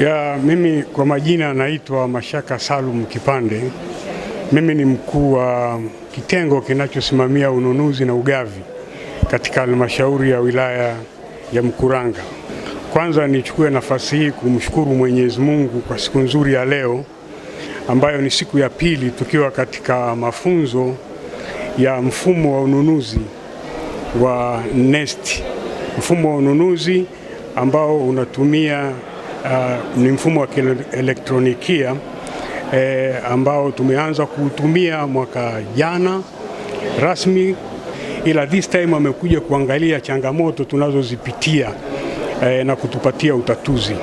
Ya, mimi kwa majina naitwa Mashaka Salum Kipande. Mimi ni mkuu wa kitengo kinachosimamia ununuzi na ugavi katika halmashauri ya wilaya ya Mkuranga. Kwanza nichukue nafasi hii kumshukuru Mwenyezi Mungu kwa siku nzuri ya leo ambayo ni siku ya pili tukiwa katika mafunzo ya mfumo wa ununuzi wa NeST, mfumo wa ununuzi ambao unatumia Uh, ni mfumo wa kielektronikia e, ambao tumeanza kuutumia mwaka jana rasmi, ila this time wamekuja kuangalia changamoto tunazozipitia e, na kutupatia utatuzi.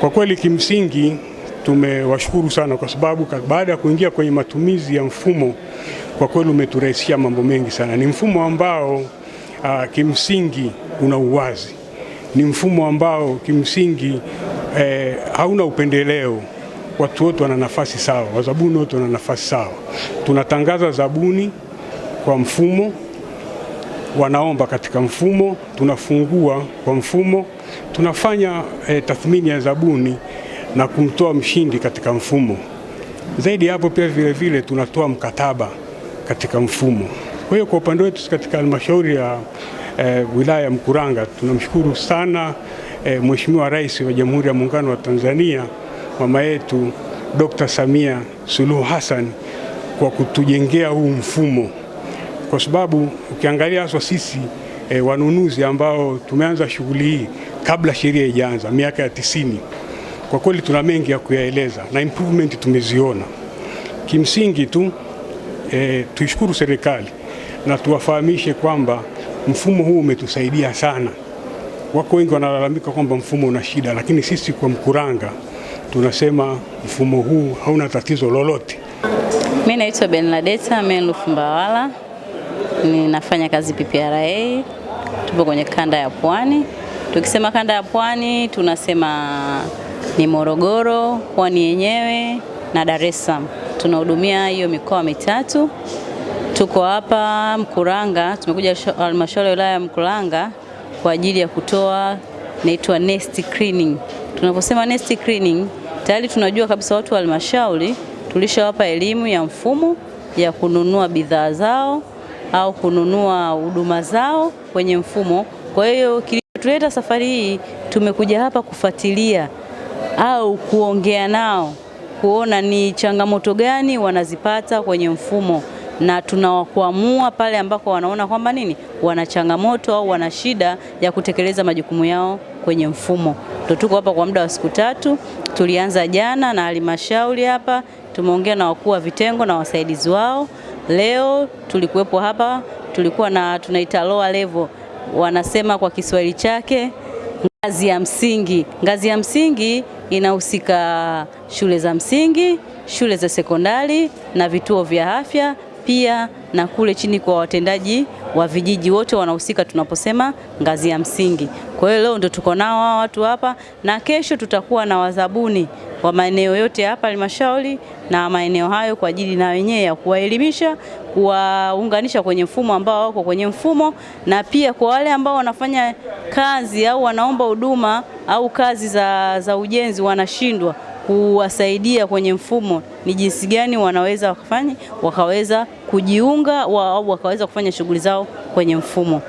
Kwa kweli kimsingi tumewashukuru sana kwa sababu baada ya kuingia kwenye matumizi ya mfumo, kwa kweli umeturahisishia mambo mengi sana. Ni mfumo ambao uh, kimsingi una uwazi, ni mfumo ambao kimsingi eh, hauna upendeleo, watu wote wana nafasi sawa, wazabuni wote wana nafasi sawa. Tunatangaza zabuni kwa mfumo, wanaomba katika mfumo, tunafungua kwa mfumo, tunafanya eh, tathmini ya zabuni na kumtoa mshindi katika mfumo. Zaidi ya hapo, pia vilevile vile tunatoa mkataba katika mfumo. Kwa hiyo kwa upande wetu katika halmashauri ya eh, wilaya ya Mkuranga. Tunamshukuru sana eh, Mheshimiwa Rais wa Jamhuri ya Muungano wa Tanzania mama yetu Dr. Samia Suluhu Hassan kwa kutujengea huu mfumo, kwa sababu ukiangalia haswa sisi E, wanunuzi ambao tumeanza shughuli hii kabla sheria ijaanza miaka ya tisini, kwa kweli tuna mengi ya kuyaeleza na improvement tumeziona. Kimsingi tu e, tuishukuru serikali na tuwafahamishe kwamba Mfumo huu umetusaidia sana. Wako wengi wanalalamika kwamba mfumo una shida, lakini sisi kwa Mkuranga tunasema mfumo huu hauna tatizo lolote. Mimi naitwa Benladeta melufumbawala Mbawala, ninafanya kazi PPRA, tupo kwenye kanda ya Pwani. Tukisema kanda ya Pwani tunasema ni Morogoro, Pwani yenyewe na Dar es Salaam. Tunahudumia hiyo mikoa mitatu. Tuko hapa Mkuranga, tumekuja halmashauri ya wilaya ya Mkuranga kwa ajili ya kutoa naitwa nest cleaning. Tunaposema nest cleaning, tayari tunajua kabisa watu wa halmashauri tulishawapa elimu ya mfumo ya kununua bidhaa zao au kununua huduma zao kwenye mfumo. Kwa hiyo kilichotuleta safari hii, tumekuja hapa kufuatilia au kuongea nao kuona ni changamoto gani wanazipata kwenye mfumo na tunawakuamua pale ambako wanaona kwamba nini wana changamoto au wana shida ya kutekeleza majukumu yao kwenye mfumo. Ndio tuko hapa kwa muda wa siku tatu. Tulianza jana na halmashauri hapa, tumeongea na wakuu wa vitengo na wasaidizi wao. Leo tulikuwepo hapa, tulikuwa na tunaita lower level, wanasema kwa Kiswahili chake ngazi ya msingi. Ngazi ya msingi inahusika shule za msingi, shule za sekondari na vituo vya afya pia na kule chini kwa watendaji wa vijiji wote wanahusika tunaposema ngazi ya msingi. Kwa hiyo leo ndio tuko nao hawa watu hapa, na kesho tutakuwa na wazabuni wa maeneo yote hapa halmashauri na maeneo hayo kwa ajili na wenyewe ya kuwaelimisha, kuwaunganisha kwenye mfumo ambao wako kwenye mfumo, na pia kwa wale ambao wanafanya kazi au wanaomba huduma au kazi za, za ujenzi wanashindwa kuwasaidia kwenye mfumo ni jinsi gani wanaweza wakafanya wakaweza kujiunga au wa, wakaweza kufanya shughuli zao kwenye mfumo.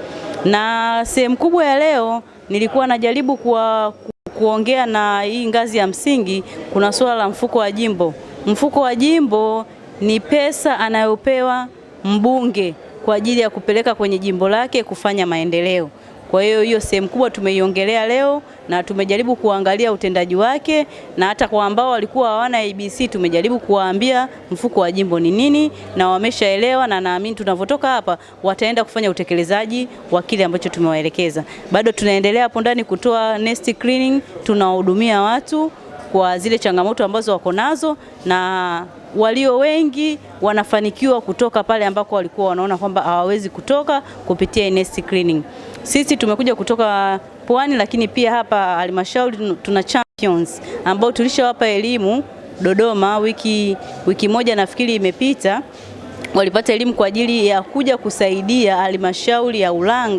Na sehemu kubwa ya leo nilikuwa najaribu kuwa, kuongea na hii ngazi ya msingi, kuna suala la mfuko wa jimbo. Mfuko wa jimbo ni pesa anayopewa mbunge kwa ajili ya kupeleka kwenye jimbo lake kufanya maendeleo. Kwa hiyo hiyo sehemu kubwa tumeiongelea leo na tumejaribu kuangalia utendaji wake, na hata kwa ambao walikuwa hawana ABC tumejaribu kuwaambia mfuko wa jimbo ni nini, na wameshaelewa, na naamini tunavyotoka hapa wataenda kufanya utekelezaji wa kile ambacho tumewaelekeza. Bado tunaendelea hapo ndani kutoa nest cleaning, tunawahudumia watu kwa zile changamoto ambazo wako nazo na walio wengi wanafanikiwa kutoka pale ambako walikuwa wanaona kwamba hawawezi kutoka kupitia NeST Cleaning. Sisi tumekuja kutoka Pwani, lakini pia hapa halmashauri tuna champions ambao tulishawapa elimu Dodoma wiki, wiki moja nafikiri imepita walipata elimu kwa ajili ya kuja kusaidia halmashauri ya,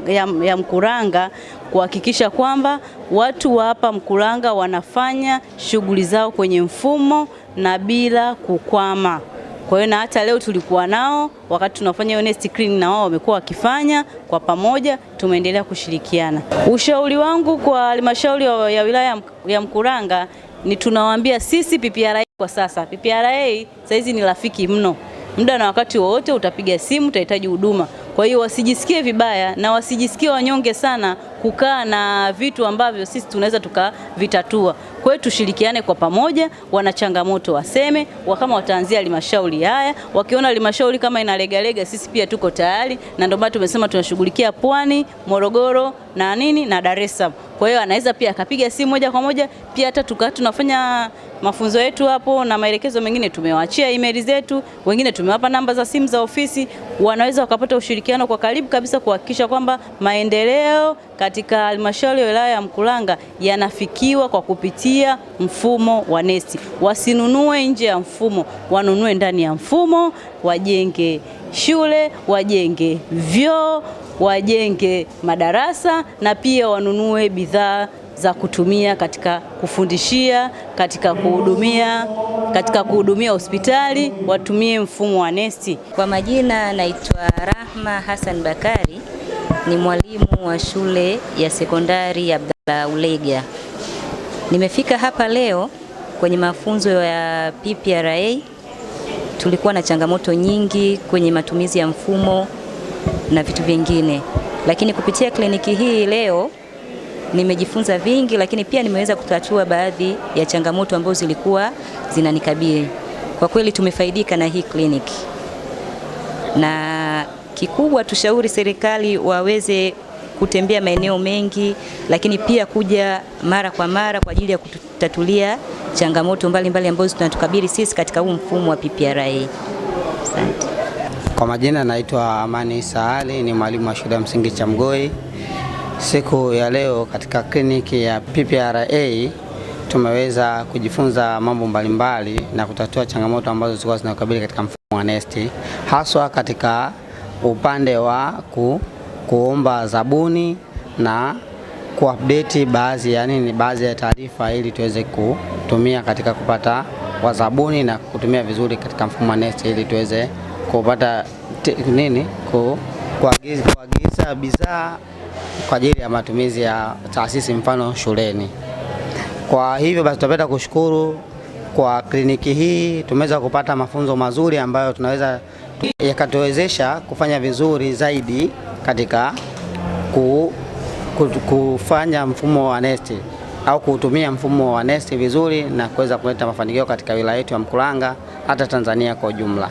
ya, ya Mkuranga kuhakikisha kwamba watu wa hapa Mkuranga wanafanya shughuli zao kwenye mfumo na bila kukwama. Kwa hiyo na hata leo tulikuwa nao wakati tunafanya honest nest clean, na wao wamekuwa wakifanya kwa pamoja, tumeendelea kushirikiana. Ushauri wangu kwa halmashauri ya wilaya ya Mkuranga ni tunawaambia sisi PPRA kwa sasa, PPRA saizi ni rafiki mno muda na wakati wowote utapiga simu, utahitaji huduma. Kwa hiyo wasijisikie vibaya na wasijisikie wanyonge sana kukaa na vitu ambavyo sisi tunaweza tukavitatua. Kwa hiyo tushirikiane kwa pamoja, wana changamoto waseme, kama wataanzia halmashauri haya, wakiona halmashauri kama inalegalega, sisi pia tuko tayari, na ndio maana tumesema tunashughulikia Pwani, Morogoro na nini na Dar es Salaam. Kwa hiyo anaweza pia akapiga simu moja kwa moja, pia hata tuka tunafanya mafunzo yetu hapo na maelekezo mengine, tumewaachia email zetu, wengine tumewapa namba za simu za ofisi, wanaweza wakapata ushirikiano kwa karibu kabisa kuhakikisha kwamba maendeleo katika halmashauri ya wilaya ya Mkuranga yanafikiwa kwa kupitia mfumo wa nesti Wasinunue nje ya mfumo, wanunue ndani ya mfumo, wajenge shule, wajenge vyoo, wajenge madarasa na pia wanunue bidhaa za kutumia katika kufundishia, katika kuhudumia, katika kuhudumia hospitali watumie mfumo wa nesti Kwa majina naitwa Rahma Hassan Bakari ni mwalimu wa shule ya sekondari ya Abdalla Ulega. Nimefika hapa leo kwenye mafunzo ya PPRA. Tulikuwa na changamoto nyingi kwenye matumizi ya mfumo na vitu vingine, lakini kupitia kliniki hii leo nimejifunza vingi, lakini pia nimeweza kutatua baadhi ya changamoto ambazo zilikuwa zinanikabili. Kwa kweli tumefaidika na hii kliniki na Kikubwa tushauri serikali waweze kutembea maeneo mengi, lakini pia kuja mara kwa mara kwa ajili ya kutatulia changamoto mbalimbali ambazo tunatukabili sisi katika huu mfumo wa PPRA. Asante. Kwa majina naitwa Amani Saali, ni mwalimu wa shule ya msingi Chamgoi. Siku ya leo katika kliniki ya PPRA tumeweza kujifunza mambo mbalimbali na kutatua changamoto ambazo zilikuwa zinakabili katika mfumo wa NeST haswa katika upande wa ku, kuomba zabuni na kuupdate baadhi ya yaani nini, baadhi ya taarifa ili tuweze kutumia katika kupata wazabuni na kutumia vizuri katika mfumo wa NeST ili tuweze kupata nini, kuagiza bidhaa kwa ajili ya matumizi ya taasisi mfano shuleni. Kwa hivyo basi, tunapenda kushukuru kwa kliniki hii tumeweza kupata mafunzo mazuri ambayo tunaweza yakatuwezesha kufanya vizuri zaidi katika ku, ku, kufanya mfumo wa nesti au kuutumia mfumo wa nesti vizuri na kuweza kuleta mafanikio katika wilaya yetu ya Mkuranga hata Tanzania kwa ujumla.